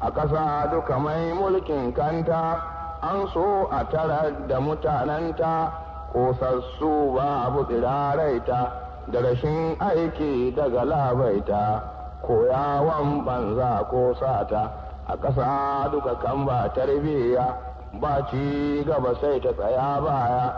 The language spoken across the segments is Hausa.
a ƙasa duka mai mulkin kanta an so a tara da mutanenta kosassu ba abu tsiraraita da rashin aiki daga labaita koyawan banza ko sata a ƙasa duka kan ba tarbiyya ba ci gaba sai ta tsaya baya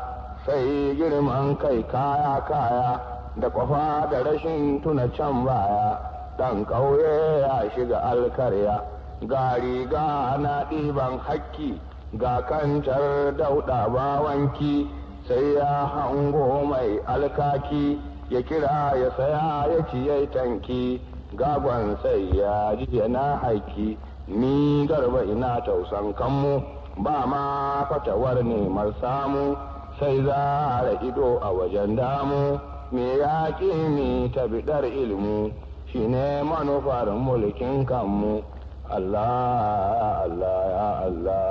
sai girman kai kaya kaya da kwafa da rashin tuna can baya ɗan ƙauye ya shiga alkarya ga riga na ɗiban hakki ga kantar dauɗa bawanki sai ya hango mai alkaki ya kira ya saya ya ciye tanki gagon sai ya ji yana haiki ni garba ina tausan kanmu ba ma fatawar neman samu sai za a ido a wajen damu me ya ƙi ni ta biɗar ilmu shi ne manufar mulkin kanmu Allah Allah ya Allah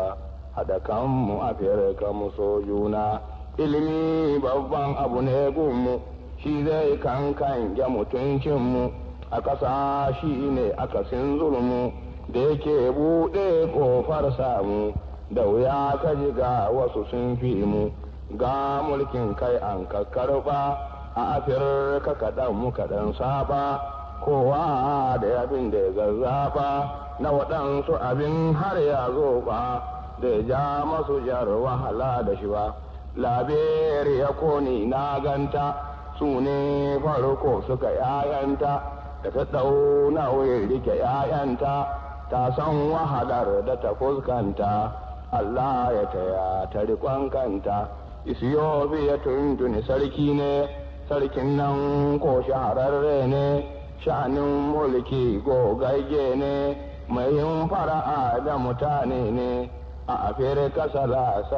haɗa kanmu a firka mu so juna ilimi babban abu ne gunmu shi zai kankan ya mutuncinmu a ƙasa shi ne sin zulmu da yake buɗe ƙofar samu da wuya ka ji ga wasu sun fi mu ga mulkin kai an kakkarfa, a afirka kaɗan mu kaɗan saba kowa da abin da ya zazzafa na waɗansu abin har ya zo ba da ya ja masu jar wahala da shi ba laberi ya koni na ganta su ne farko suka yayanta da ta ɗau wuri rike yayanta ta san wahalar da ta fuskanta Allah ya taya ta riƙon kanta Isiyobi ya tuntuni sarki ne sarkin nan ko shahararre ne shanin mulki gogagge ne mai yin fara'a da mutane ne a afirka salasa